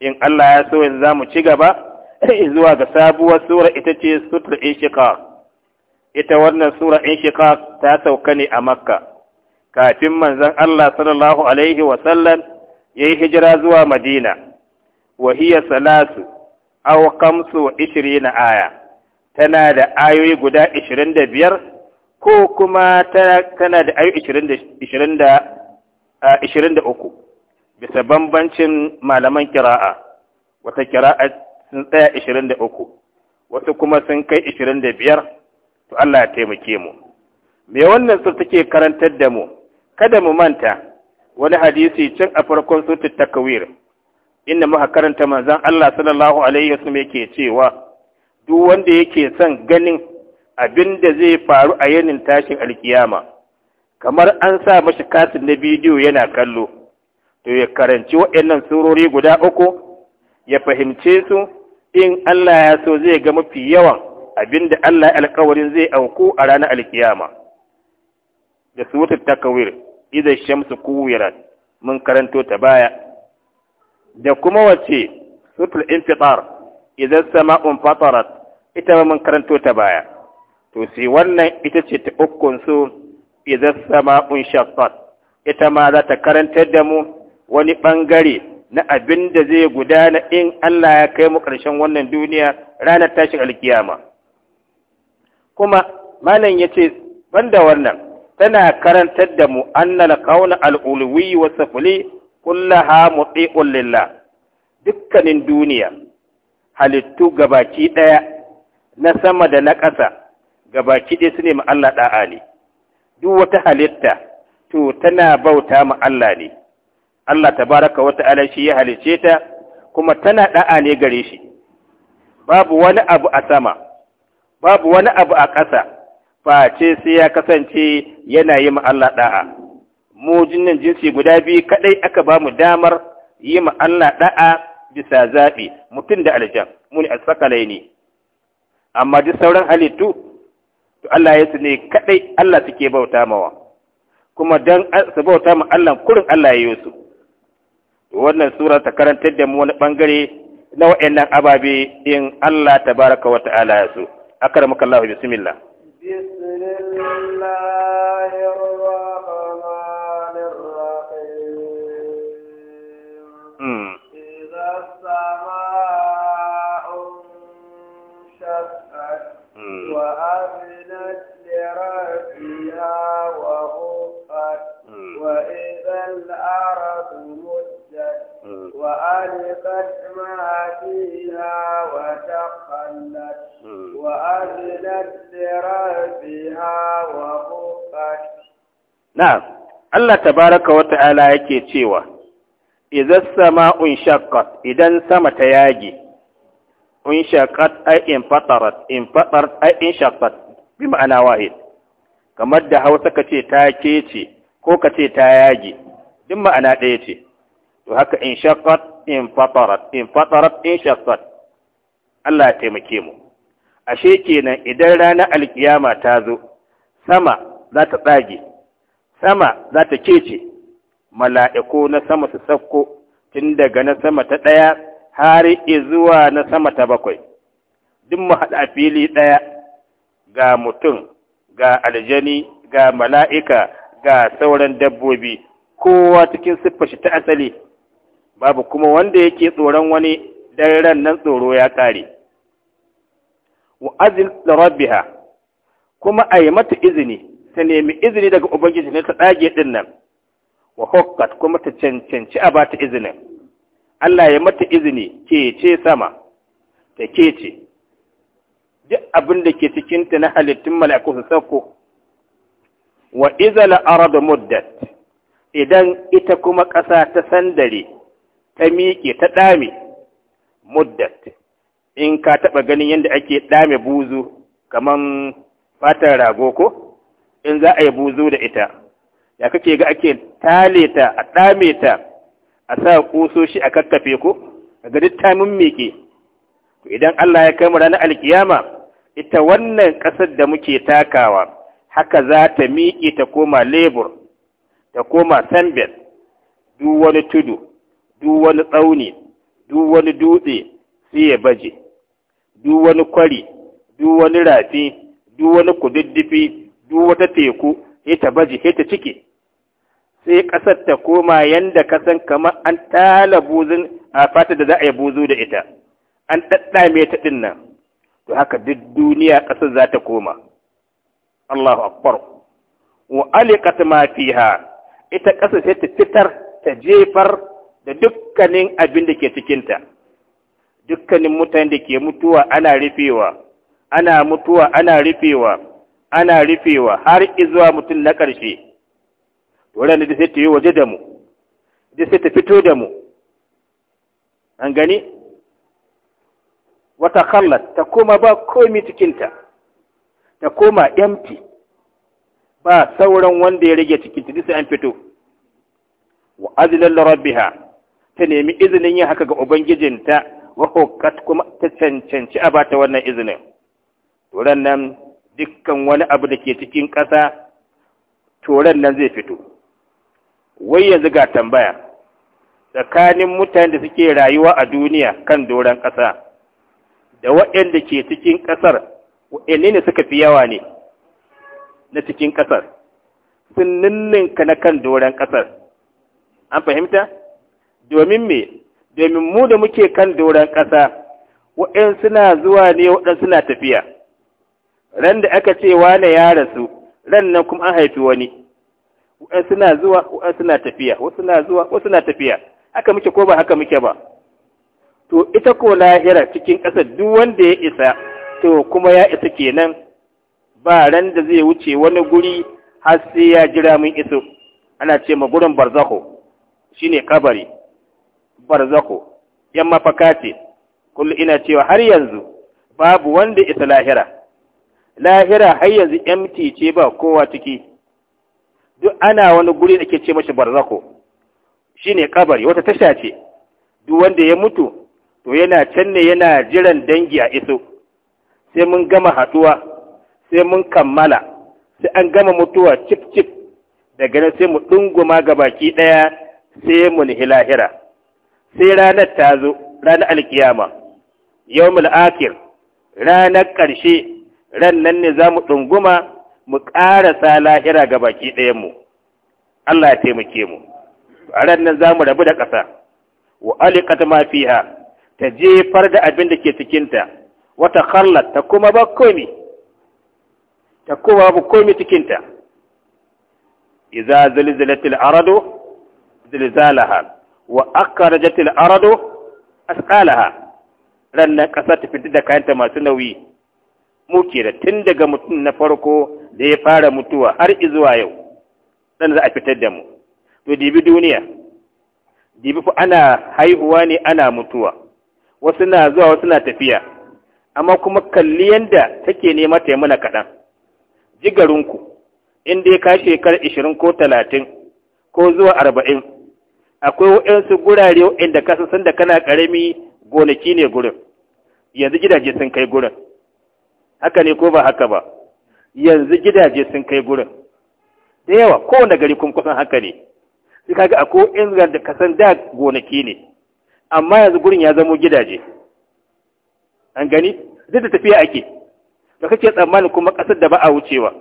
in Allah ya so yanzu za mu ci gaba zuwa ga sabuwar sura ita ce Sura inshiqaq ita wannan sura inshiqaq ta sauka ne a makka kafin manzon Allah sallallahu alaihi wa sallam yayi hijira zuwa madina wa hiya salasu aw kamsu wa ishrina aya tana da ayoyi guda 25 ko kuma tana da ayoyi 20 23 bisa bambancin malaman kira'a wata kira'a sun tsaya 23 wasu kuma sun kai 25 to Allah ya taimake mu me wannan su take karantar da mu kada mu manta wani hadisi cin a farkon sutu takawir inda muka karanta manzon Allah sallallahu alaihi wasallam yake cewa duk wanda yake son ganin abin da zai faru a yanin tashin alkiyama kamar an sa mashi katin na bidiyo yana kallo to ya karanci waɗannan surori guda uku ya fahimce su in Allah ya so zai ga mafi yawan abinda Allah alkawarin zai auku a ranar alkiyama da suratul takawir idan shamsu kuwirat mun karanto ta baya da kuma wace suratul infitar idan sama'un fatarat ita ma mun karanto ta baya to sai wannan ita ce ta ukkun su sama sama'un ita ma za ta karantar da mu wani ɓangare na abin da zai gudana in Allah ya kai mu ƙarshen wannan duniya ranar tashin alkiyama kuma malam ya ce banda wannan tana karantar da mu annal kauna al'ulwi wa safuli kullaha muti'un lillah dukkanin duniya halittu gabaki ɗaya na sama da na ƙasa gabaki ɗaya su ne ma Allah duk wata halitta to tana bauta ma Allah ne Allah tabaraka wa ta'ala shi ya halice ta kuma tana da'a ne gare shi babu wani abu a sama babu wani abu a ƙasa face sai ya kasance yana yi ma Allah da'a mu jinnin jinsi guda biyu kaɗai aka ba mu damar yi ma Allah da'a bisa zaɓi mutum da aljan muni a alsakalai ne amma duk sauran halittu to Allah ya su ne kadai Allah suke bauta mawa kuma dan su bauta ma Allah kurin Allah ya yi su wannan sura ta karantar da mu wani bangare na wa'annan ababe in Allah tabaraka wa ta'ala ya so akramaka Allah bismillah Hmm. na Allah tabaraka wa ta'ala yake cewa sama sama'un shaqqat idan sama ta yage in shaqqat ai in fatarat in fatarat ai in shaqqat bi ma'ana wahid kamar da Hausa kace ta kece ko kace ta yage din ma'ana ɗaya ce to haka in shaqqat in fatarat in fatarat in shaqqat Allah ya taimake mu ashe kenan idan rana alkiyama ta zo sama za ta tsage sama za ta kece mala'iku na sama su safko tun daga na sama ta ɗaya har zuwa na sama ta bakwai duk mu haɗa fili ɗaya ga mutum ga aljani ga mala'ika ga sauran dabbobi kowa cikin siffashi ta asali babu kuma wanda yake tsoron wani daren nan tsoro ya ƙare wa'azin rabbiha kuma a yi mata izini ta nemi izini daga ubangiji ne ta dage ɗin nan wa hokkat kuma ta cancanci a bata izinin Allah ya mata izini ke ce sama ta ke ce duk abin da ke cikinta na halittun mala'iku su sauko wa izal aradu muddat idan ita kuma ƙasa ta sandare ta miƙe ta ɗame muddat in ka taɓa ganin yadda ake ɗame buzu kaman fatar rago ko in za a yi buzu da ita ya kake ga ake tale ta a dame ta a sa kusoshi a kakkafe ko ga duk ta to idan Allah ya kai mu ranar alkiyama ita wannan ƙasar da muke takawa haka za ta miƙe ta koma lebur ta koma sambel duk wani tudu duk wani tsauni duk wani dutse sai ya baje duk wani kwari duk wani rafi duk wani kududdufi duk wata teku ya ta baje ta cike sai ƙasar ta koma yanda ka kamar an tala buzun a fata da za a yi buzu da ita an ɗaɗɗame ta ɗin nan to haka duk duniya ƙasar za ta koma Allahu akbar wa aliqat ma fiha ita ƙasar sai ta fitar ta jefar da dukkanin abin da ke ta dukkanin mutane da ke mutuwa ana rufewa ana mutuwa ana rufewa ana rufewa har izuwa mutum na ƙarshe waɗanda da sai ta yi waje da mu da sai ta fito da mu an gani wata kallat ta koma ba komi cikinta ta koma empty ba sauran wanda ya rage cikinta duk sai an fito wa azilan rabbiha ta nemi izinin yin haka ga ubangijinta wa kuma ta cancanci a bata wannan izinin wurin nan dukkan wani abu da ke cikin ƙasa toron nan zai fito wai yanzu ga tambaya tsakanin mutanen da suke rayuwa a duniya kan doron ƙasa da waɗanda ke cikin ƙasar waɗanne ne suka fi yawa ne na cikin ƙasar sun ninninka na kan doron ƙasar an fahimta domin me domin mu da muke kan doron ƙasa waɗansu suna zuwa ne waɗansu suna tafiya ran da aka ce wane ya rasu ran nan kuma an haifi wani wasu na zuwa wasu na tafiya wasu na zuwa wasu na tafiya haka muke ko ba haka muke ba to ita ko lahira cikin ƙasa duk wanda ya isa to kuma ya isa kenan ba ran da zai wuce wani guri har sai ya jira mun iso ana ce ma gurin barzako shine kabari barzako yan mafaka ce kullu ina cewa har yanzu babu wanda isa lahira lahira har yanzu empty ce ba kowa ciki duk ana wani guri da ke ce mashi barzako shine kabari wata tasha ce duk wanda ya mutu to yana can ne yana jiran dangi a iso sai mun gama haduwa sai mun kammala sai an gama mutuwa cip cip daga nan sai mu dunguma ga baki daya sai mu nihi lahira sai ranar tazo, zo ranar alkiyama yawmul akhir ranar ƙarshe ran nan ne za mu ɗunguma mu ƙarasa lahira ga baki ɗayanmu Allah ya taimake mu a ran nan za mu rabu da ƙasa wa alikat ma fiha ta jefar da abin da ke cikinta wata khallat ta kuma ba komi ta kuma ba komi cikinta idza zilzilatil aradu zilzalaha wa akhrajatil aradu asqalaha ran nan ƙasa ta fitar da kayanta masu nauyi muke da tun daga mutum na farko da ya fara mutuwa har izuwa yau ɗan za a fitar da mu to dibi duniya dibi fa ana haihuwa ne ana mutuwa wasu na zuwa wasu na tafiya amma kuma kalli yanda take nema ta mana kaɗan jigarinku in dai ka shekara ishirin ko talatin ko zuwa arba'in akwai waɗansu gurare waɗanda ka san da kana ƙarami gonaki ne gurin yanzu gidaje sun kai gurin haka ne ko ba haka ba yanzu gidaje sun kai gurin da yawa kowane gari kun kusan haka ne sai kaga akwai ingar da kasan da gonaki ne amma yanzu gurin ya zamo gidaje an gani duk da tafiya ake da kake tsammanin kuma ƙasar da ba a wucewa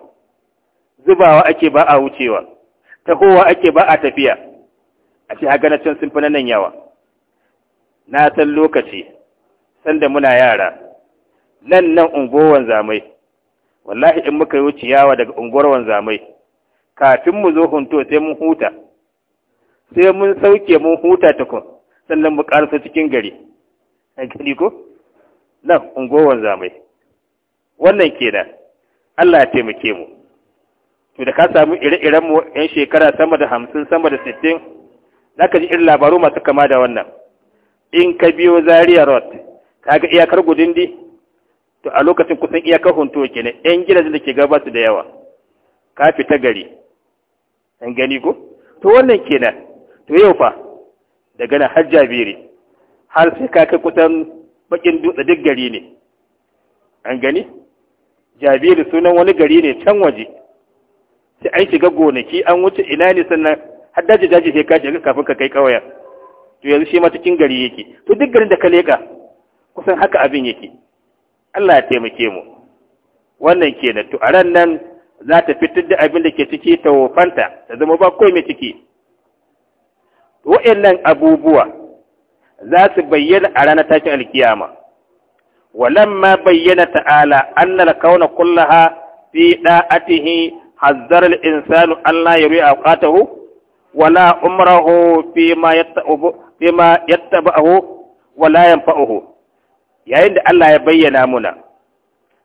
zubawa ake ba a wucewa tahowa ake ba a tafiya a ce haka na can sun fi nan yawa na san lokaci sanda muna yara nan nan unguwan zamai wallahi in muka yi ciyawa daga unguwan zamai kafin mu zo hunto sai mun huta sai mun sauke mun huta tukun sannan mu karasa cikin gari an gani ko nan unguwan zamai wannan kenan Allah ya taimake mu to da ka samu ire-iren mu yan shekara sama da hamsin sama da sittin zaka ji irin labaru masu kama da wannan in ka biyo Zaria Road kaga iyakar gudun di to a lokacin kusan iyakar hunto ne yan gidajen da ke gabata da yawa ka fita gari an gani ko to wannan kenan to yau fa daga nan har jabiri har sai ka kai kusan bakin dutse duk gari ne an gani jabiri sunan wani gari ne can waje sai an shiga gonaki an wuce ina ne sannan har daji daji sai ka shiga kafin ka kai kawaya to yanzu shi ma cikin gari yake to duk garin da ka leka kusan haka abin yake Allah ya taimake mu wannan kenan to a ran nan za ta fitar da abin da ke ciki ta wofanta ta zama ba komai ciki wa'annan abubuwa za su bayyana a ranar tashin alkiyama ma bayyana ta'ala annal kauna kullaha fi da'atihi حذر الإنسان ألا يري أوقاته ولا عمره فيما يتبعه, فيما يتبعه ولا ينفعه yayin da Allah ya bayyana muna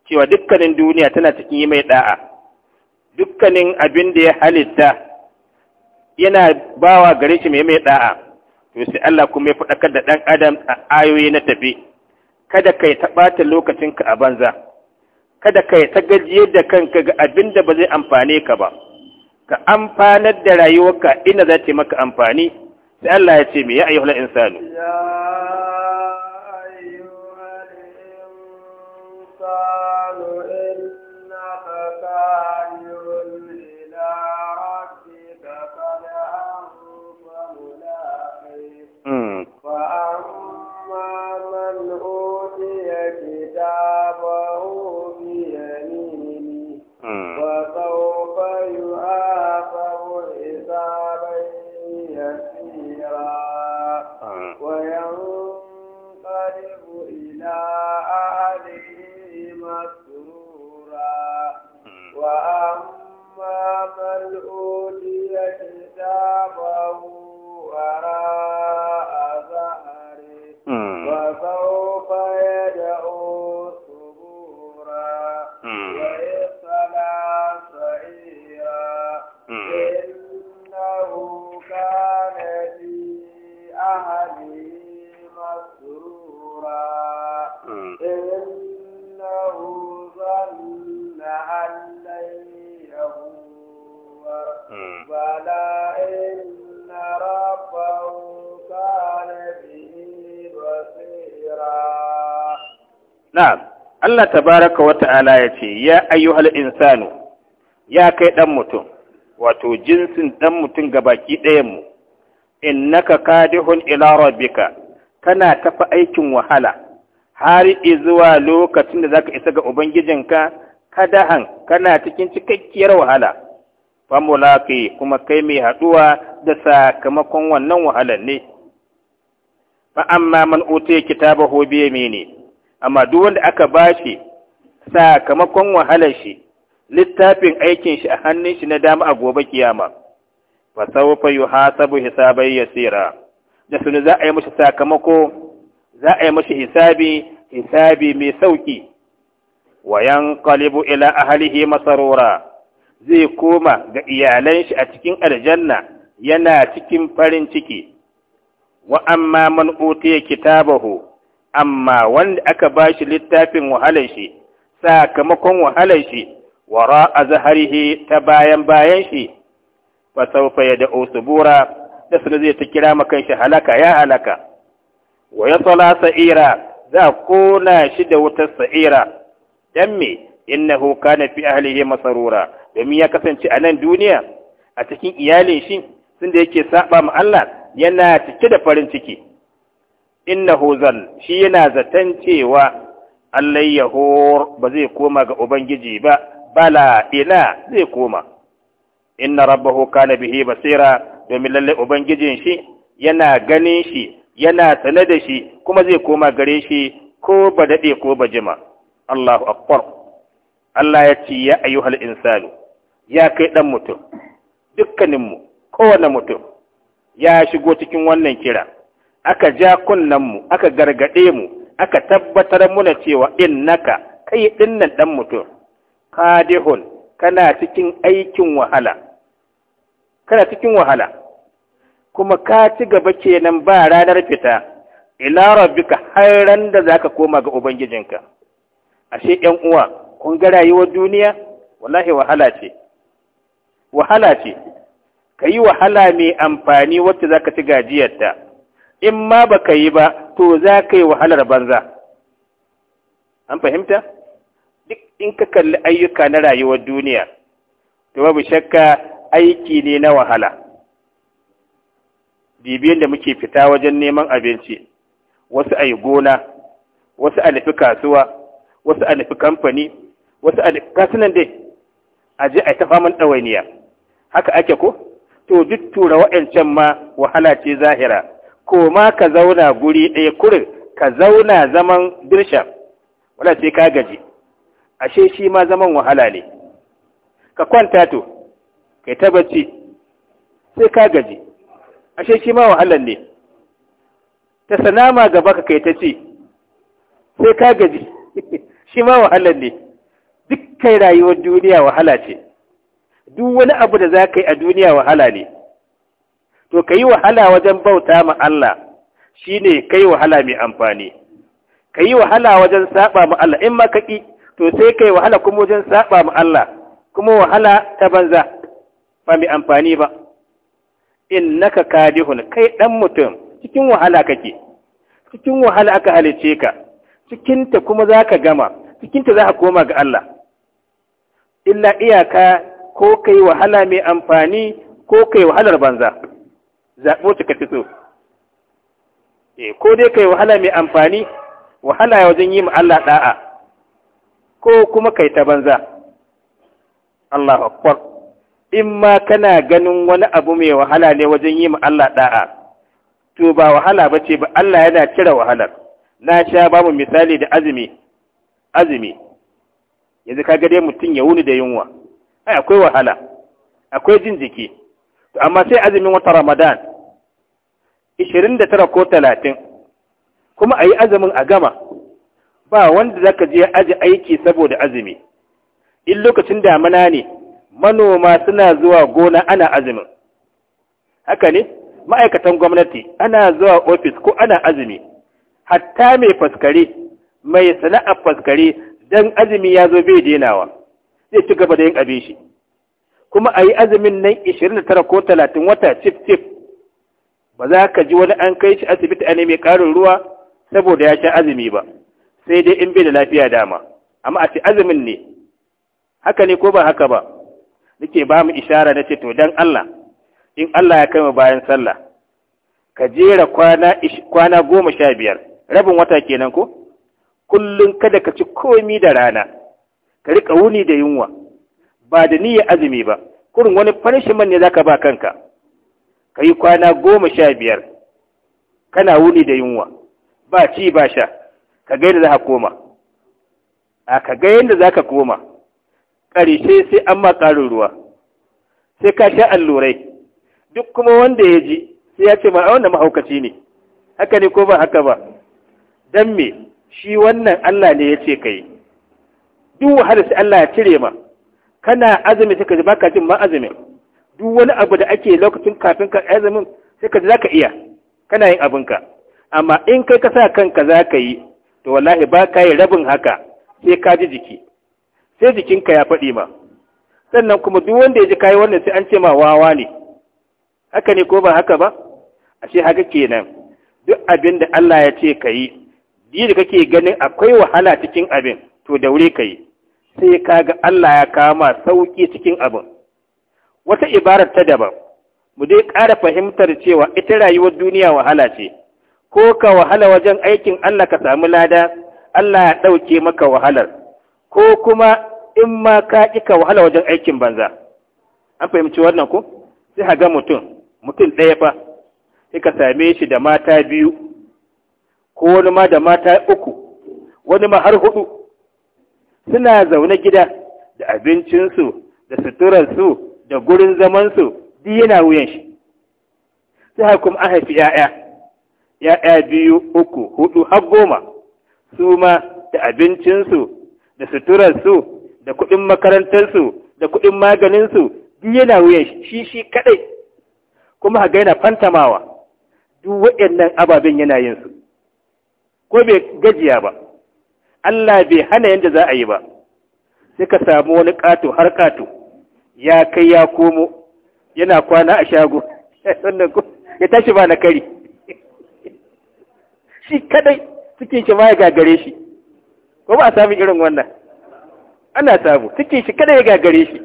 cewa dukkanin duniya tana cikin yi mai ɗa'a, dukkanin abin da ya halitta yana bawa gare shi mai mai da'a to sai Allah kuma ya faɗakar da ɗan adam a ayoyi na tafi kada kai ta ɓata lokacinka a banza kada kai ta gajiyar da kanka ga abin da ba zai amfane ka ba ka amfanar da rayuwarka ina za ta maka amfani sai Allah ya ce me ya ayyuhal insanu Allah tabaraka wa ta'ala ya ce, Ya ayyuhal insanu, ya kai ɗan mutum, wato jinsin ɗan mutum ga baki ɗayanmu, ka kadihun ila rabbika kana tafi aikin wahala, har zuwa lokacin da za ka isa ga Ubangijinka, kadahan kana cikin cikakkiyar wahala, famulaki kuma kai mai haɗuwa da sakamakon wannan wahalar ne. Fa amma man utiya kitabahu amma duk wanda aka ba shi sakamakon wahalar shi littafin aikin shi a hannun shi na dama a gobe kiyama fa sawfa yuhasabu hisabai yasira da sun za a yi mashi sakamako za a yi mishi hisabi hisabi mai sauki wa yanqalibu ila ahlihi masarura zai koma ga iyalan shi a cikin aljanna yana cikin farin ciki wa amma man utiya kitabahu amma wanda aka ba shi littafin wahalar shi sakamakon wahalar shi wara a zaharihi ta bayan bayan shi fa saufa ya da subura da suna zai ta kira makan shi halaka ya halaka wa ya tsala sa'ira za kona shi da wutar sa'ira dan me innahu kana fi ahlihi masarura domin ya kasance a nan duniya a cikin iyalin shi sun da yake saba ma Allah yana cike da farin ciki Inna zal shi yana zaton cewa Allah yahur ba zai koma ga ubangiji ba bala ina zai koma inna rabbahu kana bihi basira domin lalle ubangijin shi yana ganin shi yana sane da shi kuma zai koma gare shi ko ba dade ko ba jima Allahu akbar Allah ya ce ya ayyuhal insanu ya kai dan mutum dukkaninmu kowane mutum ya shigo cikin wannan kira aka ja kunnenmu aka gargaɗe mu aka tabbatar muna cewa innaka kai dinnan dan mutum kadihun kana cikin aikin wahala kana cikin wahala kuma ka ci gaba kenan ba ranar fita ila rabbika har ran da zaka koma ga ubangijinka ashe yan uwa kun ga rayuwar duniya wallahi wahala ce wahala ce kayi wahala mai amfani wacce zaka ci gajiyar ta in ma baka yi ba to za ka yi wahalar banza an fahimta duk in ka kalli ayyuka na rayuwar duniya to babu shakka aiki ne na wahala bibiyan da muke fita wajen neman abinci wasu a gona wasu a kasuwa wasu a kamfani wasu a kasunan dai a je a ta faman ɗawainiya haka ake ko to duk tura wa'ancan ma wahala ce zahira koma ka zauna guri ɗaya kurin ka zauna zaman birshan. wala sai ka gaji ashe shi ma zaman wahala ne ka kwanta to kai ta bacci sai ka gaji ashe shi ma wahalan ne ta sanama gaba ka kai ta ci sai ka gaji shi ma wahalan ne dukkan rayuwar duniya wahala ce duk wani abu da za ka yi a duniya wahala ne to ka yi wahala wajen bauta ma Allah shi ne ka yi wahala mai amfani ka yi wahala wajen saba ma Allah in ma ƙi to sai ka yi wahala kuma wajen saba ma Allah kuma wahala ta banza ba mai amfani ba in naka kadihun kai ɗan mutum cikin wahala kake cikin wahala aka halice ka cikinta kuma za ka gama cikinta za ka koma ga Allah illa iyaka ko kai wahala mai amfani ko kai wahalar banza zaɓo ta kafi so eh, ko dai kai wahala mai amfani wahala wajen yi ma Allah ɗa'a ko kuma kai ta banza Allah akbar in ma kana ganin wani abu mai wahala ne wajen yi ma Allah ɗa'a to ba wahala ba ce ba Allah yana cire wahalar na sha mu misali da azumi azumi yanzu ka dai mutum ya wuni da yunwa ai akwai wahala akwai jin jiki amma sai azumin wata Ramadan tara ko talatin kuma a yi azumin a gama ba wanda zaka je aji aiki saboda azumi in lokacin damana ne manoma suna zuwa gona ana azumin haka ne ma'aikatan gwamnati ana zuwa ofis ko ana azumi hatta mai faskare mai sana'ar faskare dan azumi ya zo bai denawa zai ci gaba da yin abin shi kuma a yi azumin nan 29 ko 30 wata cif cif ba za ka ji wani an kai shi asibiti a mai ƙarin ruwa saboda ya sha azumi ba sai dai in bai da lafiya dama amma a ce azumin ne haka ne ko ba haka ba nake ba mu ishara na ce to dan Allah in Allah ya kai mu bayan sallah ka jera kwana kwana goma sha biyar rabin wata kenan ko kullum kada ka ci komi da rana ka riƙa wuni da yunwa ba da niyyar azumi ba kurin wani punishment ne zaka ba kanka ka yi kwana goma sha biyar kana wuni da yunwa ba ci ba sha ka ga yadda za ka koma a ka ga yadda za ka koma ƙarshe sai an ma ƙarin ruwa sai ka sha allurai duk kuma wanda ya ji sai ya ce ma a wannan mahaukaci ne haka ne ko ba haka ba don me shi wannan Allah ne ya ce ka yi duk wahala sai Allah ya cire ma kana azumi suka ji baka jin ma azumin duk wani abu da ake lokacin kafin ka azumin sai ka za ka iya kana yin abinka amma in kai ka sa kanka za ka yi to wallahi ba ka yi rabin haka sai ka ji jiki sai jikinka ya faɗi ma sannan kuma duk wanda ya ji kayi wannan sai an ce ma wawa ne haka ne ko ba haka ba ashe haka kenan duk abin da Allah ya ce ka yi di da kake ganin akwai wahala cikin abin to da wuri ka yi sai ka ga Allah ya kama sauki cikin abin wata ibarar ta daban mu dai ƙara fahimtar cewa ita rayuwar duniya wahala ce ko ka wahala wajen aikin Allah ka samu lada Allah ya ɗauke maka wahalar ko kuma in ma ka ƙi ka wahala wajen aikin banza an fahimci wannan ko sai ga mutum mutum ɗaya fa sai ka same shi da mata biyu ko wani ma da mata uku wani ma har hudu suna zaune gida da abincinsu da suturarsu da gurin zamansu duk yana wuyan shi sai kuma an haifi ‘ya'ya ‘ya'ya biyu uku hudu har goma su ma da abincinsu da suturarsu da kuɗin makarantarsu da kuɗin maganinsu duk yana wuyan shi shi kaɗai kuma haga yana fantamawa duk waɗannan ababen yana yinsu ko bai gajiya ba Allah bai hana yadda za a yi ba sai ka samu wani ƙato har ƙato ya kai ya komo yana kwana a shago ya tashi ba na kari shi kadai cikin shi ma ya gagare shi ko ba a samun irin wannan ana samu cikin shi kadai ya gagare shi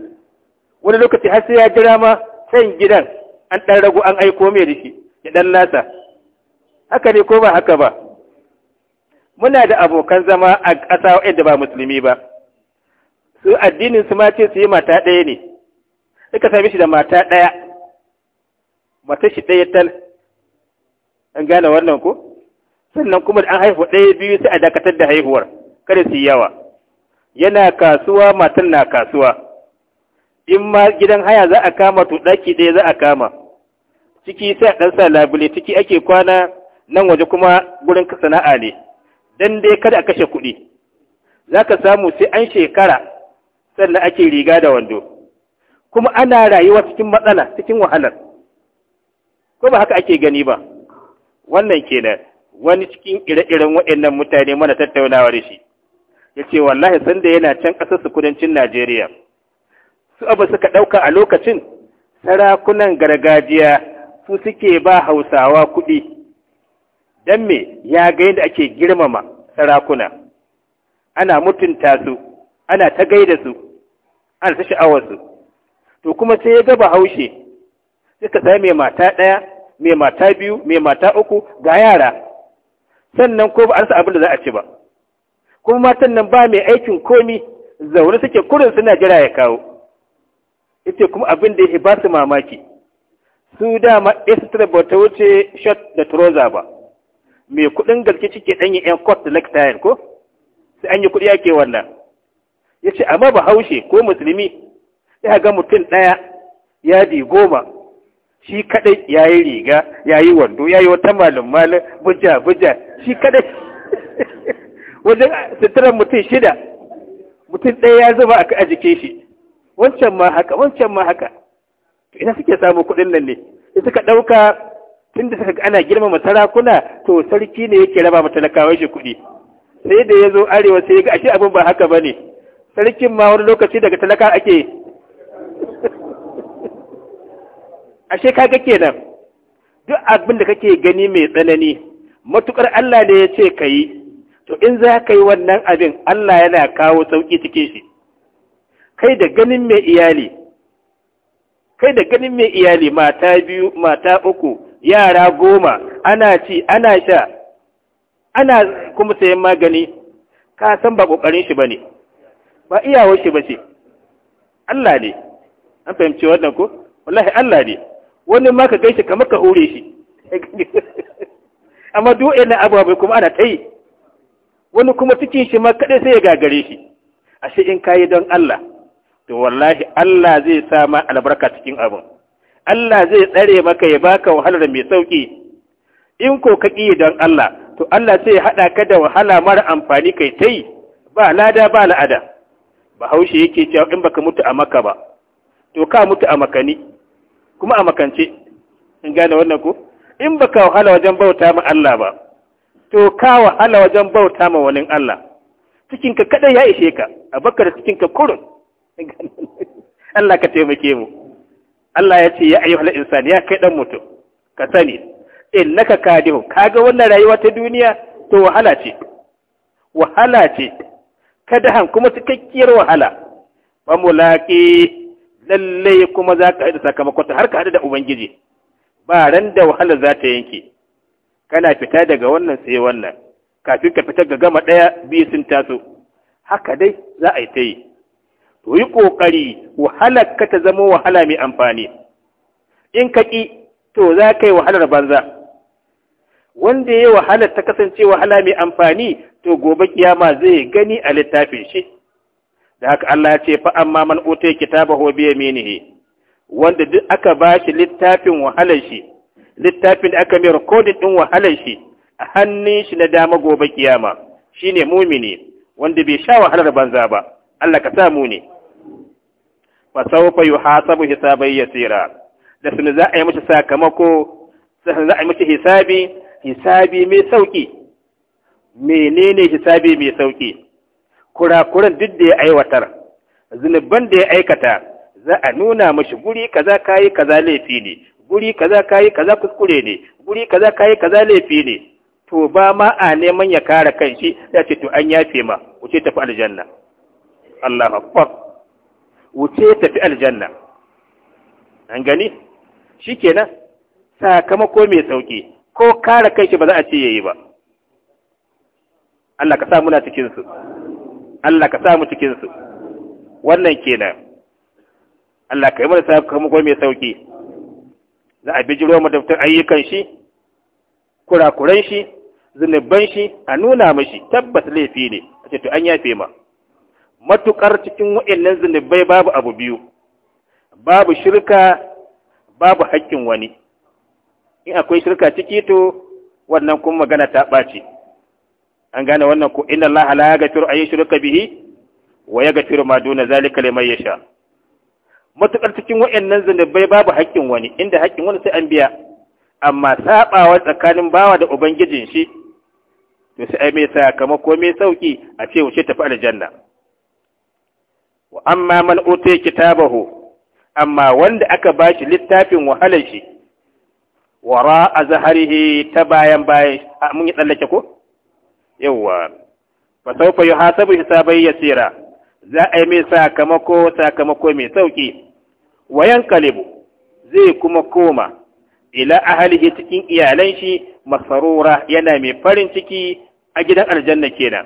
wani lokaci har sai ya jira ma can gidan an ɗan ragu an aiko mai da shi ya ɗan nasa haka ne ko ba haka ba muna da abokan zama a ƙasa waɗanda ba musulmi ba su addinin su ma ce su yi mata ɗaya ne sai ka same shi da mata ɗaya mata shi ɗaya tal an gane wannan ko sannan kuma da an haihu ɗaya biyu sai a dakatar da haihuwar kada su yi yawa yana kasuwa matan na kasuwa in ma gidan haya za a kama to ɗaki ɗaya za a kama ciki sai ɗan sa labule ciki ake kwana nan waje kuma gurin sana'a ne dan dai kada a kashe kuɗi za ka samu sai an shekara sannan ake riga da wando kuma ana rayuwa cikin matsala cikin wahalar ko ba haka ake gani ba wannan kenan wani cikin ire-iren waɗannan mutane mana tattaunawa da shi ya ce wallahi sanda yana can ƙasar su kudancin najeriya su abu suka ɗauka a lokacin sarakunan gargajiya su suke ba hausawa kuɗi don me ya ga yadda ake girmama sarakuna ana mutunta su ana ta gaida su ana ta sha'awarsu. to kuma sai ya ga bahaushe sai ka mai mata ɗaya mai mata biyu mai mata uku ga yara sannan ko ba an sa abin da za a ci ba kuma matan nan ba mai aikin komi zaune suke kurin suna jira ya kawo ita kuma abin da ya ba su mamaki su dama esther ba ta wuce shot da troza ba mai kudin gaske cike dan yi yan court da lectire ko sai an yi kudi yake wannan yace amma ba haushe ko musulmi sai ga mutum ɗaya yadi goma shi kadai ya yi riga ya yi wando ya yi wata malin malin buja buja shi kadai wajen suturar mutum shida mutum ɗaya ya zuba a jikin shi wancan ma haka wancan ma haka to ina suke samu kuɗin nan ne in suka ɗauka tun da suka ga ana girmama sarakuna to sarki ne yake raba matalakawai shi kuɗi sai da ya zo arewa sai ga ashe abin ba haka ba ne sarkin ma wani lokaci daga talaka ake ashe kaga kenan duk abin da kake gani mai tsanani matukar Allah ne ya ce ka yi to in za ka yi wannan abin Allah yana kawo sauƙi cikin shi kai da ganin mai iyali kai da ganin mai iyali mata biyu mata uku yara goma ana ci ana sha ana kuma sayan magani ka san ba ƙoƙarin shi ba ne ba iyawar shi ba ce Allah ne an fahimci wannan ko wallahi Allah ne wani ma ka gaishe kamar ka hore shi amma duk abu bai kuma ana ta yi wani kuma cikin shi ma kaɗai sai ya gagare shi A ashe in kayi don Allah to wallahi Allah zai sa ma albarka cikin abin Allah zai tsare maka ya baka wahalar mai sauki in ko ka ƙi don Allah to Allah sai ya haɗa ka da wahala mara amfani kai ta yi ba lada ba la'ada bahaushe yake cewa in baka mutu a maka ba to ka mutu a makani kuma a makance in gane wannan ko in ba ka wahala wajen bauta ma Allah ba to ka wahala wajen bauta ma wani Allah cikin ka kada ya ishe ka a baka da cikin ka kurun Allah ka taimake mu Allah ya ce ya al insani ya kai dan mutum ka sani innaka kadihu kaga wannan rayuwa ta duniya to wahala ce wahala ce han kuma cikakkiyar wahala ba mulaki lallai kuma za ka sakamako sakamakonta har ka haɗu da Ubangiji, ba ran da wahalar za ta yanke, kana fita daga wannan sai wannan, kafin ka fita ga gama ɗaya biyu sun taso, haka dai za a yi ta yi. To yi ƙoƙari wahalar ka ta zama wahala mai amfani, in ka ƙi to za ka yi wahalar banza. Wanda ya yi wahalar ta kasance wahala mai amfani to gobe kiyama zai gani a littafin shi. da haka Allah ya ce fa amma man utai kitabahu bi yaminihi wanda duk aka ba shi littafin wahalar shi littafin da aka mai recording din wahalar shi a hannun shi na dama gobe kiyama shine mumini wanda bai sha wahalar banza ba Allah ka samu ne fa sawfa yuhasabu hisaban yasira da sun za a yi mishi sakamako sun za a yi mishi hisabi hisabi mai sauki menene hisabi mai sauki kurakuran duk da ya aiwatar zunuban da ya aikata za a nuna mashi guri kaza kayi kaza laifi ne guri kaza kayi kaza kuskure ne guri kaza kayi kaza laifi ne to ba ma a neman ya kare kanshi ya ce to an yafe ma wuce tafi aljanna Allah akbar wuce tafi aljanna an gani shikenan sakamako mai sauƙi. ko kare kanshi ba za a ce yayi ba Allah ka sa muna cikinsu. su Allah ka mu cikin su wannan kenan Allah ka yi mana sakamako mai sauki za a bijiro mu daftar ayyukan shi kurakuran shi zunuban shi a nuna mashi tabbas laifi ne a ce to an yafe ma matukar cikin wa'annan zunubai babu abu biyu babu shirka babu haƙƙin wani in akwai shirka ciki to wannan kuma magana ta ɓaci an gane wannan ko inna Allah la yaghfiru ay yushraka bihi wa yaghfiru ma duna zalika liman yasha matukar cikin wayannan zanubai babu haƙƙin wani inda haƙƙin wani sai an biya amma sabawa tsakanin bawa da ubangijin shi to sai ai mai sakamako mai sauki a ce wuce tafi aljanna wa amma man uti kitabahu amma wanda aka bashi littafin wahalar shi wara a zaharihi ta bayan bayan mun yi tsallake ko yawwa fa sawfa yuhasabu hisaban yasira za a yi mai sakamako sakamako mai sauki Wayan Kalibu zai kuma koma ila ahalihi cikin iyalan shi masarura yana mai farin ciki a gidan aljanna kenan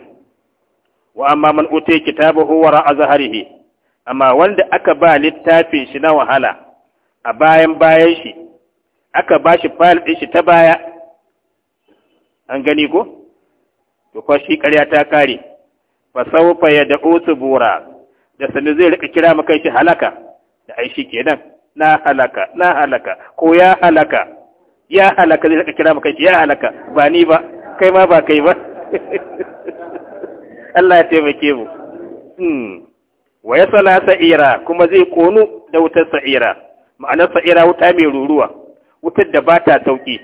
wa amma man utai kitabahu wara zaharihi amma wanda aka ba littafin shi na wahala a bayan bayan shi aka ba shi fayil ɗin shi ta baya an gani ko to kwa shi ƙarya ta kare fa ya yad'u subura da sanu zai rika kira maka shi halaka da ai shi kenan na halaka na halaka ko ya halaka ya halaka zai rika kira maka shi ya halaka ba ni ba kai ma ba kai ba Allah ya taimake mu hmm wa sala sa'ira kuma zai konu da wutar sa'ira ma'anar sa'ira wuta mai ruruwa wutar da ba ta sauki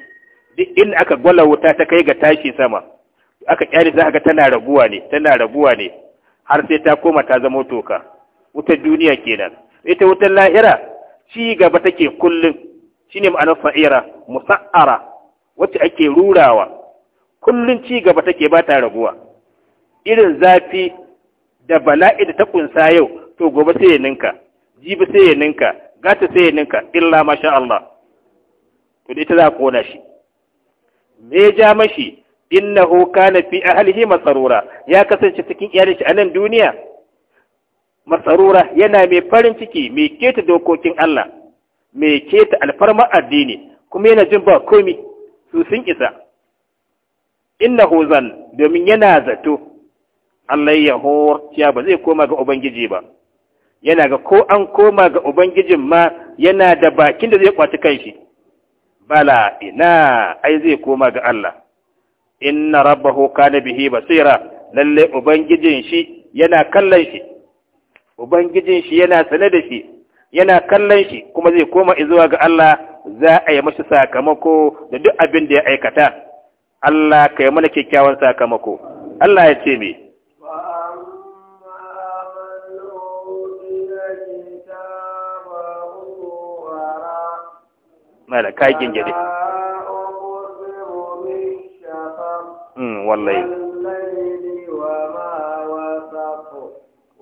duk in aka gwala wuta ta kai ga tashi sama aka kyare za ga tana raguwa ne tana raguwa ne har sai ta koma ta zama toka wutar duniya kenan ita wutar lahira ci gaba take kullum shine ma'anar fa'ira musa'ara wacce ake rurawa kullum ci gaba take ba ta raguwa irin zafi da bala'i da ta kunsa yau to gobe sai ya ninka jibi sai ya ninka gata sai ya ninka illa masha Allah to da ita za a kona shi me ya ja mashi innahu kana fi ahlihi masarura ya kasance cikin iyalinsa a nan duniya masarura yana mai farin ciki mai keta dokokin Allah mai keta alfarma addini kuma yana jin ba komi su sun isa innahu zan domin yana zato Allah ya ya ba zai koma ga ubangiji ba yana ga ko an koma ga ubangijin ma yana da bakin da zai kwaci kanshi bala ina ai zai koma ga Allah inna rabbahu kana bihi basira lalle ubangijin shi yana kallon shi ubangijin shi yana sane da shi yana kallon shi kuma zai koma zuwa ga Allah za a yi mashi sakamako da duk abin da ya aikata Allah ka yi mana kyakkyawan sakamako Allah ya ce me Mala ka wallahi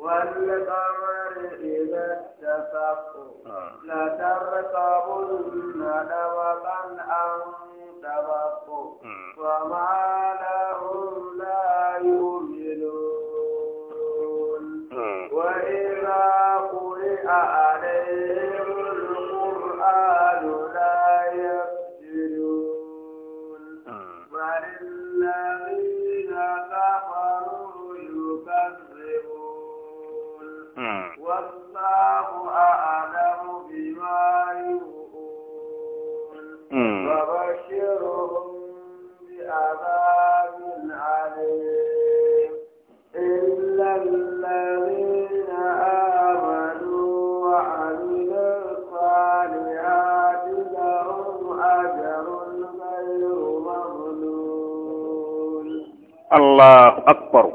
والقمر إذا اتسق لتركبن طبقا عن طبق وما Allahu akbar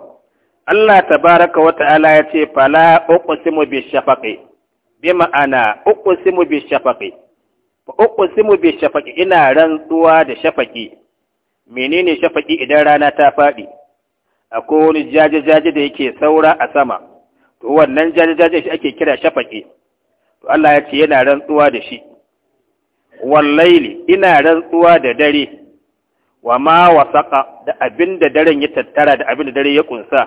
Allah tabaraka wa ta'ala ya ce fala uqsimu bi shafaqi bi ma'ana uqsimu bi shafaqi fa uqsimu bi shafaqi ina rantsuwa da shafaqi menene shafaqi idan rana ta fadi akwai wani jaje-jaje da yake saura a sama to wannan jaje-jaje shi ake kira shafaqi to Allah ya ce yana rantsuwa da shi wallahi ina rantsuwa da dare wa ma wasaƙa da abin da daren ya tattara da abin da dare ya ƙunsa?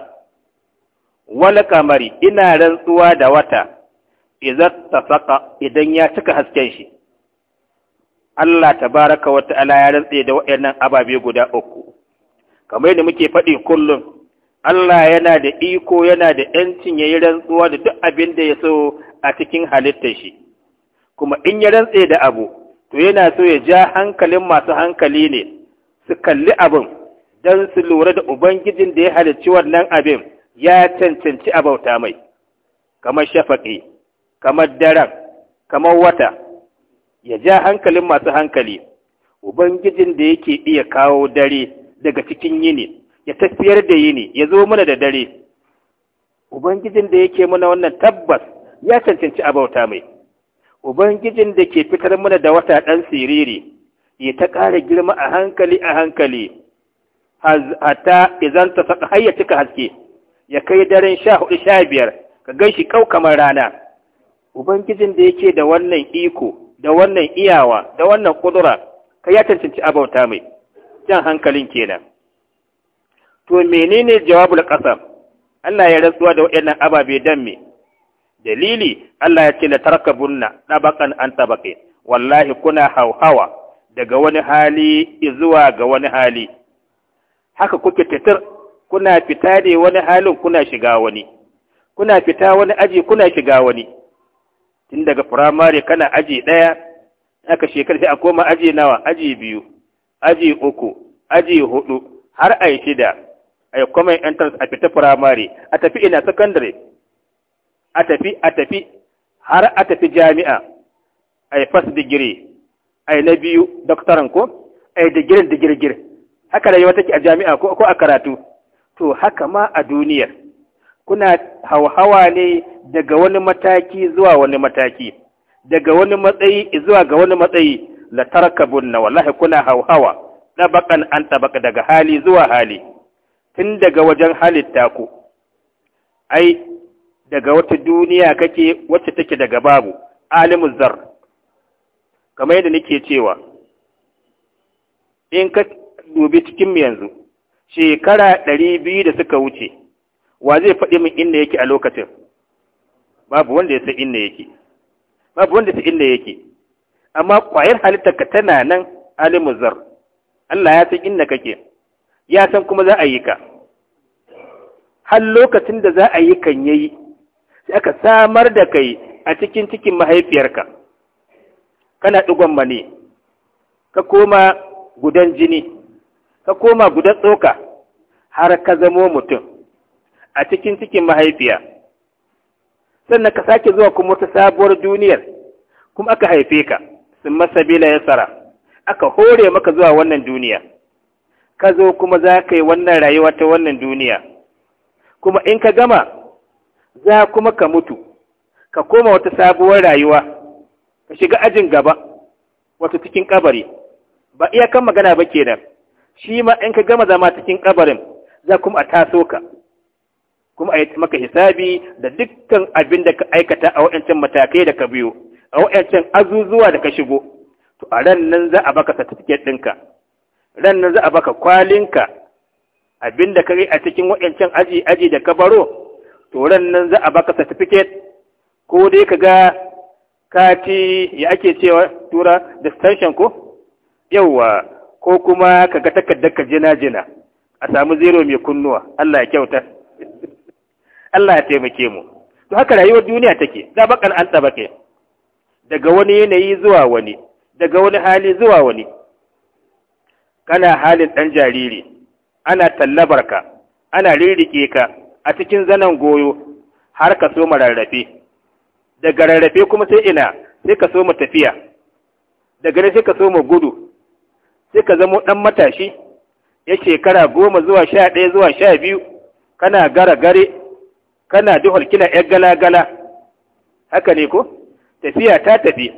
wala kamari ina rantsuwa da wata idan idan ya cika hasken shi Allah baraka wa ta'ala ya rantse da wa’yannan ababe guda uku kamar yadda muke faɗi kullum Allah yana da iko yana da ‘yancin ya yi rantsuwa da duk abin da ya so a cikin halittar shi, kuma in ya rantse da abu, to yana so ya ja hankalin masu hankali ne, su kalli abin don su lura da ubangijin da ya halarci wannan abin ya cancanci a bauta mai kamar shafaƙi kamar daren kamar wata ya ja hankalin masu hankali ubangijin da yake iya kawo dare daga cikin yini ya tafiyar da yini ya zo mana da dare ubangijin da yake mana wannan tabbas ya cancanci a bauta mai ubangijin da ke fitar mana da wata ɗan siriri ya ta ƙara girma a hankali a hankali hata idan ta saka hayya cika haske ya kai daren sha hudu sha biyar ka gan shi kau kamar rana ubangijin da yake da wannan iko da wannan iyawa da wannan kudura ka ya cancanci abauta mai jan hankalin kenan to menene jawabul ƙasa? Allah ya rantsuwa da waɗannan ababe dan me dalili Allah ya ce la tarkabunna tabaqan an tabaqin wallahi kuna hauhawa daga wani hali zuwa ga wani hali haka kuke titir kuna fita ne wani halin kuna shiga wani kuna fita wani aji kuna shiga wani tun daga firamare kana aji ɗaya aka shekar sai a koma aji nawa aji biyu aji uku aji hudu har a shida a yi entrance a fita firamare a tafi ina sakandare? a tafi a tafi har a tafi jami'a a yi first ai na biyu doktoran ko ai digirin digirgir haka yawa take a jami'a ko a karatu to haka ma a duniyar kuna hauhawa ne daga wani mataki zuwa wani mataki daga wani matsayi zuwa ga wani matsayi la tarkabunna wallahi kuna hauhawa tabakan an tabaka daga hali zuwa hali tun daga wajen halitta ku ai daga wata duniya kake wacce take daga babu alimu zar kamar yadda nake cewa in ka dubi cikin mu yanzu shekara ɗari biyu da suka wuce wa zai faɗi min inda yake a lokacin babu wanda ya san inda yake babu wanda ya inda yake amma ƙwayar halitta ka tana nan alimu zar Allah ya san inda kake ya san kuma za a yi ka har lokacin da za a yi kan yayi sai aka samar da kai a cikin cikin mahaifiyarka kana ɗigon mani ka koma gudan jini ka koma gudan tsoka har ka zamo mutum a cikin cikin mahaifiya sannan ka sake zuwa kuma wata sabuwar duniyar kuma aka haife ka sun masabila ya tsara aka hore maka zuwa wannan duniya ka zo kuma za ka yi wannan rayuwa ta wannan duniya kuma in ka gama za kuma ka mutu ka koma wata sabuwar rayuwa ka shiga ajin gaba wato cikin kabari ba iya kan magana ba kenan shi ma in ka gama zama cikin kabarin za kuma a taso ka kuma a yi maka hisabi da dukkan abin da ka aikata a wa'ancan matakai da ka biyo a wa'ancan azuzuwa da ka shigo to a ran nan za a baka certificate ɗinka ran nan za a baka kwalinka abin da ka yi a cikin wa'ancan aji aji da ka baro to ran nan za a baka certificate ko dai ka ga kati ya ake cewa tura da station ko yawa ko kuma ka ga takardar ka jina-jina a samu zero mai kunnuwa Allah ya kyauta Allah ya taimake mu to haka rayuwar duniya take da bakan an tsabake daga wani yanayi zuwa wani daga wani hali zuwa wani kana halin ɗan jariri ana tallabar ka ana rirrike ka a cikin zanen goyo har ka so mararrafe daga rarrafe kuma sai ina sai ka so mu tafiya daga nan sai ka so mu gudu sai ka zama ɗan matashi ya shekara goma zuwa sha ɗaya zuwa sha biyu kana gara gare kana duhar kina ‘yar gala-gala haka ne ko tafiya ta tafi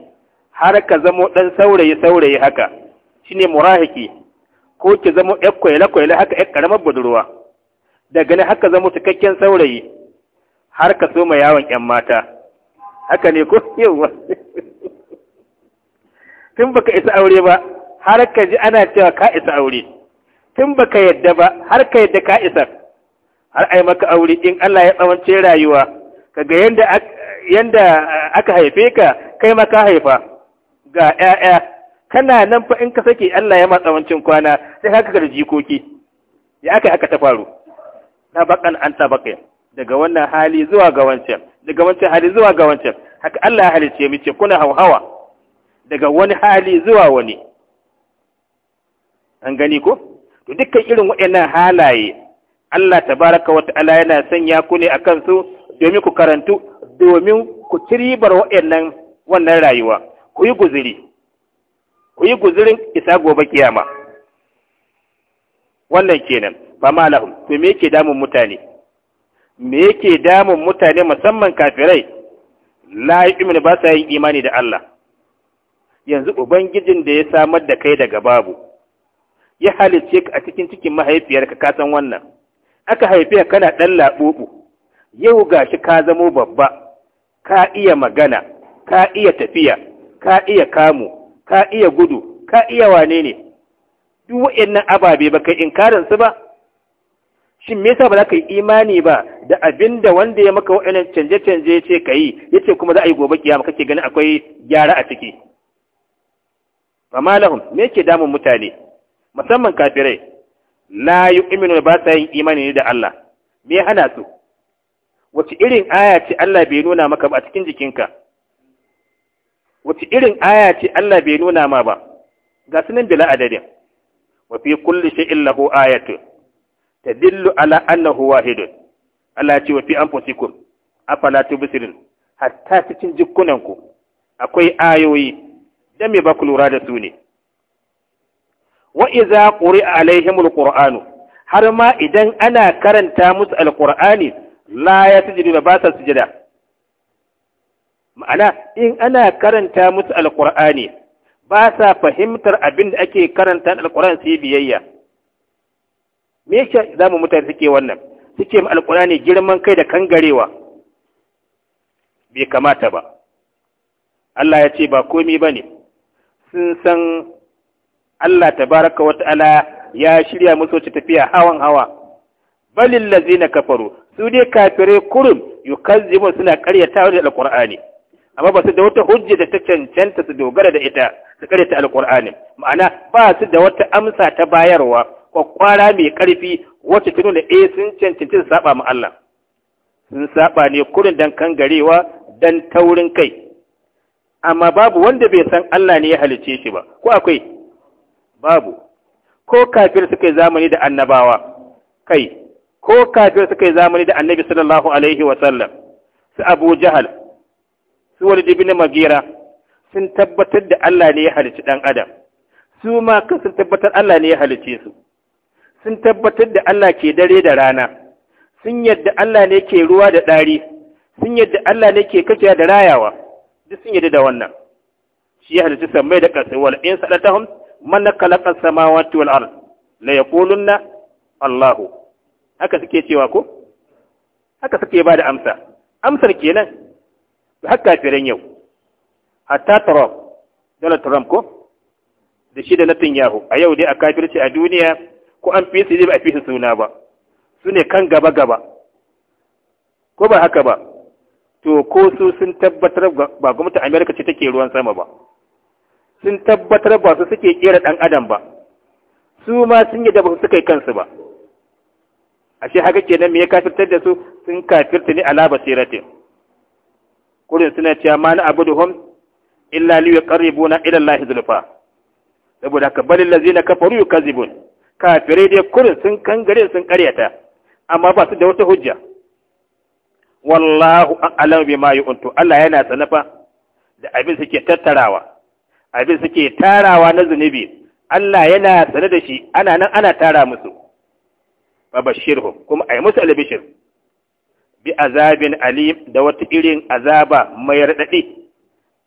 har ka zama ɗan saurayi-saurayi haka shi ne murahiki ko ki zama ‘yar kwaila-kwaila haka ‘yar ƙaramar budurwa daga nan haka zama cikakken saurayi har ka so yawon ‘yan mata haka ne ko yawa tun baka isa aure ba har ka ji ana cewa ka isa aure tun baka yadda ba har ka yadda ka isa har ai maka aure in Allah ya tsawance rayuwa kaga yanda yanda eh, aka haife ka kai ma ka haifa ga ƴaƴa kana nan fa in ka sake Allah ya ma tsawancin kwana sai haka ka da jikoki ya aka aka ta faru na bakan an tabaka daga wannan hali zuwa ga wancan daga wancan hali zuwa ga wancan haka Allah ya halice mu ce kuna hauhawa daga wani hali zuwa wani an gani ko to dukkan irin waɗannan halaye Allah tabaraka wa ta'ala yana sanya ku ne akan su domin ku karantu domin ku tribar waɗannan wannan rayuwa ku yi guzuri ku yi guzurin isa gobe kiyama wannan kenan fa malahum to me yake damun mutane me yake damun mutane musamman kafirai la yu'minu ba sa yin imani da Allah yanzu ubangijin da ya samar da kai daga babu ya halicce ka a cikin cikin mahaifiyarka ka san wannan aka haife ka kana dan labubu yau gashi ka zamo babba ka iya magana ka iya tafiya ka iya kamu ka iya gudu ka iya wane ne duk waɗannan ababe baka inkarin su ba shin me yasa ba za ka yi imani ba da abin da wanda ya maka wa'annan canje-canje ce ka yi ya ce kuma za a yi gobe kiyama kake ganin akwai gyara a ciki amma lahum me yake damun mutane musamman kafirai la yu'minu ba sa yin imani ne da Allah me hana su wace irin aya ce Allah bai nuna maka ba a cikin jikinka wace irin aya ce Allah bai nuna ma ba ga sunan bila adadin wa fi kulli shay'in lahu ayatu. tadillu ala annahu wahidun Allah ce wa fi anfusikum afala tubsirun hatta cikin jikunanku akwai ayoyi da me ba ku lura da su ne wa ƙuri quri'a alaihimul qur'anu har ma idan ana karanta musu alqur'ani la yasjudu ba sa sujada ma'ana in ana karanta musu Alƙur'ani, ba sa fahimtar abin da ake karanta alqur'ani sai biyayya me yake zamu mutane suke wannan suke mu alqur'ani girman kai da kangarewa bai kamata ba Allah ya ce ba komai bane sun san Allah tabaraka wata'ala ya shirya musu ta tafiya hawan hawa balil ladzina kafaru su dai kafirai kurum yukazzibu suna karyata da alqur'ani amma ba su da wata hujja da ta cancanta su dogara da ita su karyata alqur'ani ma'ana ba su da wata amsa ta bayarwa kwakwara mai karfi wacce ta nuna eh sun cancanci su saba ma Allah sun saba ne kurin dan kangarewa dan taurin kai amma babu wanda bai san Allah ne ya halice shi ba ko akwai babu ko kafir suka yi zamani da annabawa kai ko kafir suka yi zamani da annabi sallallahu alaihi wa sallam su Abu Jahal su Walid ibn Magira sun tabbatar da Allah ne ya halici dan adam su ma kan sun tabbatar Allah ne ya halicce su sun tabbatar da Allah ke dare da rana sun yadda Allah ne ke ruwa da ɗari sun yadda Allah ne ke kashe da rayawa duk sun yadda da wannan shi ya halittu sammai da ƙasa wal in salatahum man khalaqa samawati wal ard la na Allahu haka suke cewa ko haka suke ba da amsa amsar kenan haka firin yau hatta Trump Donald Trump ko da shi da Netanyahu a yau dai a kafirci a duniya ko an fi su ba a fi su suna ba su ne kan gaba gaba ko ba haka ba to ko su sun tabbatar ba gwamnatin amerika ce take ruwan sama ba sun tabbatar ba su suke kera dan adam ba su ma sun yi da ba su kai kansu ba ashe haka kenan me ya kafirtar da su sun kafirta ne ala basiratin kurin suna cewa ma na abuduhum illa liyu qarribuna ila allahi zulfa saboda haka balil ladzina kafaru yukazibun kafirai dai kurin sun kan gare sun karyata amma ba su da wata hujja wallahu an alamu bi ma yu'untu Allah yana sanafa da abin suke tattarawa abin suke tarawa na zunubi Allah yana sane da shi ana nan ana tara musu babashirhu kuma ay musu albishir bi azabin alim da wata irin azaba mai raɗaɗi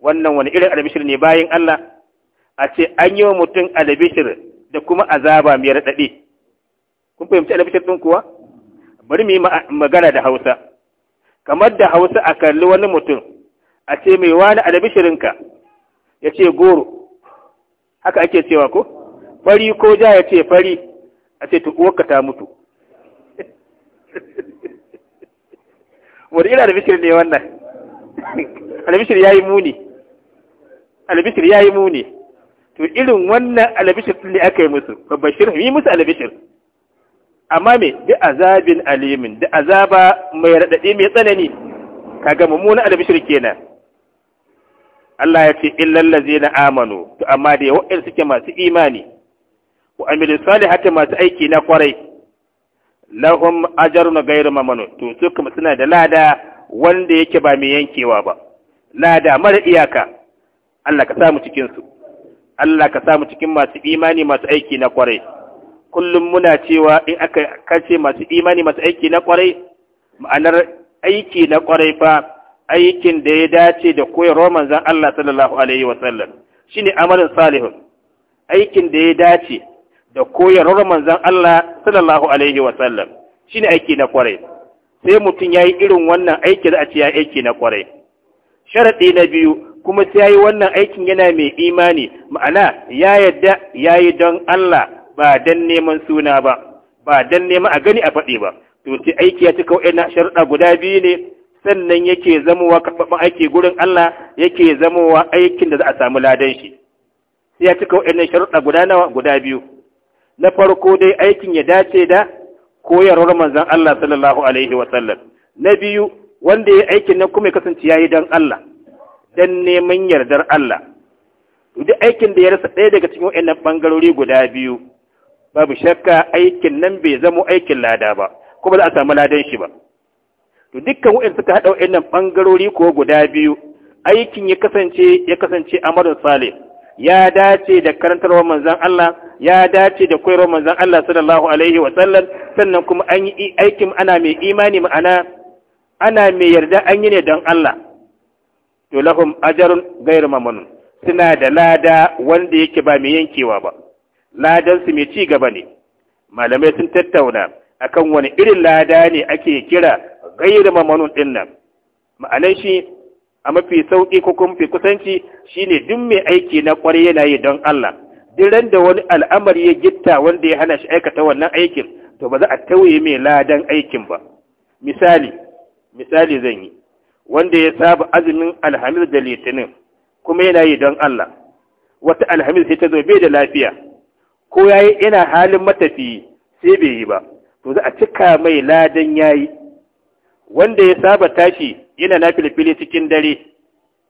wannan wani irin albishir ne bayan Allah a ce an yi wa mutum albishir da kuma azaba mai raɗaɗe kun fahimci albishir ɗin kuwa bari mu yi magana da hausa kamar da hausa a kalli wani mutum a ce mai wani albishirinka ya ce goro haka ake cewa ko fari ko ja ya ce fari a ce uwarka ta mutu wani irin albishir ne wannan albishir ya yi muni albishir ya yi muni to irin wannan albishir ne aka yi musu babashir yi musu albishir amma me bi azabin alimin da azaba mai raɗaɗi mai tsanani kaga mummunan albishir kenan Allah ya ce illal na amanu to amma da wa'in suke masu imani wa amilu salihati masu aiki na kwarai lahum ajrun ghayru mamnun to su kuma suna da lada wanda yake ba mai yankewa ba lada mara iyaka Allah ka samu cikin su Allah ka samu cikin masu imani masu aiki na kwarai kullum muna cewa in aka kace masu imani masu aiki na kwarai ma'anar aiki na kwarai fa aikin da ya dace da koyarwar manzan Allah sallallahu alaihi wasallam shi ne amalin salihun aikin da ya dace da koyarwar manzon Allah sallallahu alaihi wasallam shi ne aiki na kwarai sai mutum ya yi irin wannan aiki da a ce ya aiki na kwarai Sharaɗi na biyu kuma sai yayi wannan aikin yana mai imani ma'ana ya yadda yayi don Allah ba dan neman suna ba ba dan neman a gani a faɗi ba to sai aiki ya kawai wa'ina sharuɗa guda biyu ne sannan yake zamowa karɓaɓɓen aiki gurin Allah yake zamowa aikin da za a samu ladan shi sai ya kawai wa'annan sharuɗa guda nawa guda biyu na farko dai aikin ya dace da koyarwar manzon Allah sallallahu alaihi wa sallam na biyu wanda ya aikin nan kuma ya kasance yayi don Allah dan neman yardar Allah duk aikin da ya rasa ɗaya daga cikin waɗannan ɓangarori guda biyu babu shakka aikin nan bai zama aikin lada ba ko ba za a samu ladan shi ba to dukkan wa'in suka haɗa waɗannan ɓangarori ko guda biyu aikin ya kasance ya kasance amarin salim. ya dace da karantarwar manzan Allah ya dace da koyarwa manzan Allah sallallahu alaihi wa sallam sannan kuma an yi aikin ana mai imani ma'ana ana mai yarda an yi ne don Allah to lahum ajarun gairu mamanu suna da lada wanda yake ba mai yankewa ba ladansu mai ci gaba ne malamai sun tattauna akan wani irin lada ne ake kira gairu mamanun din nan ma'anan shi a mafi sauƙi ko kuma fi kusanci shine duk mai aiki na ƙwarai yana yi don Allah duk ran da wani al'amari ya gitta wanda ya hana shi aikata wannan aikin to ba za a tauye mai ladan aikin ba misali misali zan yi wanda ya saba azumin alhamis da litinin kuma yana yi don Allah wata alhamis sai ta zo bai da lafiya ko yayi ina halin matafi sai bai yi ba to za a cika mai ladan yayi wanda ya saba tashi yana na filfili cikin dare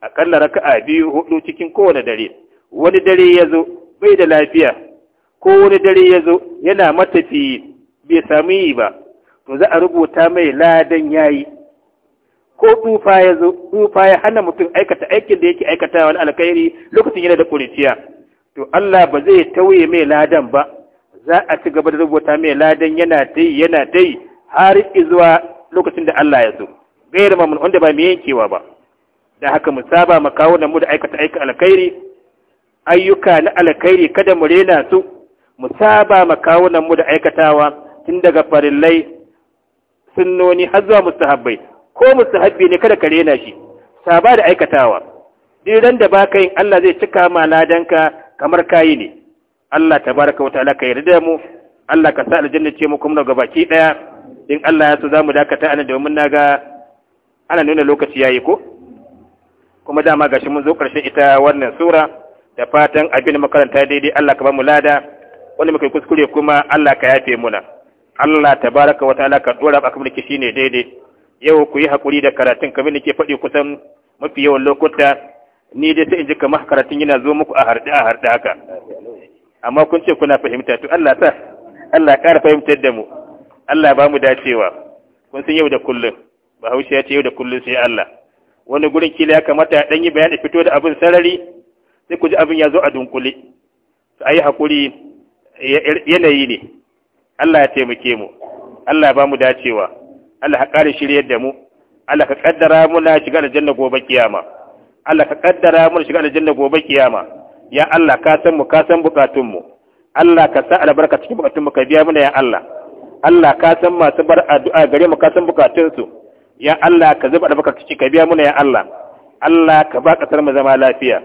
akalla raka'a biyu hudu cikin kowane dare wani dare ya zo bai da lafiya ko wani dare ya zo yana matafi bai sami yi ba to za a rubuta mai ladan yayi ko tsufa ya zo tsufa ya hana mutum aikata aikin da yake aikata wani alkhairi lokacin yana da kuriciya to Allah ba zai tauye mai ladan ba za a ci gaba da rubuta mai ladan yana dai yana dai har zuwa lokacin da Allah ya zo gairi mun wanda ba mai yankewa ba da haka mu saba mu kawo da mu da aikata aikin alkhairi ayyuka na alkhairi kada mu rena su mu saba mu kawo da mu da aikatawa tun daga farillai sunnoni har zuwa mustahabbai ko mustahabbi ne kada ka rena shi saba da aikatawa diran da baka yin Allah zai cika ma ladanka kamar kayi ne Allah tabaraka wa ta'ala kai yarda da mu Allah ka sa aljanna ce mu kuma baki daya in Allah ya so zamu dakata ana domin ga. ana nuna lokaci yayi ko kuma dama gashi mun zo karshen ita wannan sura da fatan abin makaranta daidai Allah ka ba mu lada wanda muka kuskure kuma Allah ka yafe muna Allah tabaraka wa ta'ala ka dora ba kamar kishi ne daidai yau ku yi haƙuri da karatun kamar da ke faɗi kusan mafi yawan lokuta ni dai sai in ji kamar karatun yana zo muku a harɗe a harɗe haka amma kun ce kuna fahimta to Allah sa Allah ƙara fahimtar da mu Allah ba mu dacewa kun san yau da kullum Bahaushe ya ce yau da kullum sai Allah wani gurin kila ya kamata dan yi bayani fito da abin sarari sai ku ji abin ya zo a dunkule a yi haƙuri yanayi ne Allah ya taimake mu Allah ba mu dacewa Allah ka kare shiryar da mu Allah ka kaddara mu na shiga janna gobe kiyama Allah ka kaddara mu shiga da janna gobe kiyama ya Allah ka san mu ka san bukatun mu Allah ka sa albarka cikin bukatun mu ka biya mana ya Allah Allah ka san masu bar addu'a gare mu ka san bukatun su ya Allah ka zuba albarka cikin ka biya mana ya Allah Allah ka ba kasar mu zama lafiya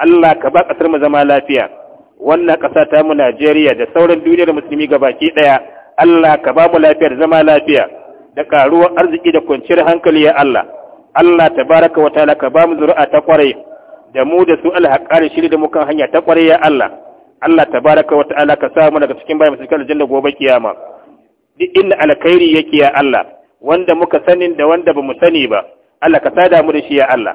Allah ka ba kasar mu zama lafiya wannan ƙasa ta mu Najeriya da sauran duniyar musulmi gabaki ɗaya Allah ka ba mu lafiya da zama lafiya da karuwar arziki da kwanciyar hankali ya Allah Allah ta baraka wa ta ka bamu zuri'a ta kwarai da mu da su alhaqani shiri da mukan hanya ta kwarai ya Allah Allah ta baraka wa ta ka sa mu daga cikin bayan cikin da gobe kiyama duk inda alkhairi yake ya Allah wanda muka sanin da wanda ba mu sani ba Allah ka sada mu da shi ya Allah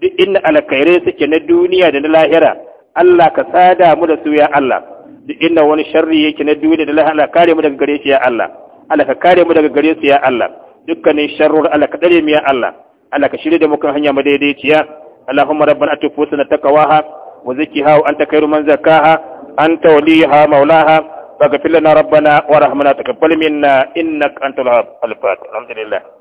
duk inda alkhairai suke na duniya da na lahira Allah ka sada mu da su ya Allah duk inda wani sharri yake na duniya da lahira kare mu daga gare shi ya Allah Allah ka kare mu daga gare su ya Allah dukkanin sharrur Allah ka dare mu ya Allah Allah ka shirye da mu kan hanya madaidaiciya Allahumma rabbana ati fusana taqwaha wa zakkiha wa anta khairu man zakkaha anta waliha maulaha faghfir lana rabbana warhamna taqabbal minna innaka antal wahhab al-fatih alhamdulillah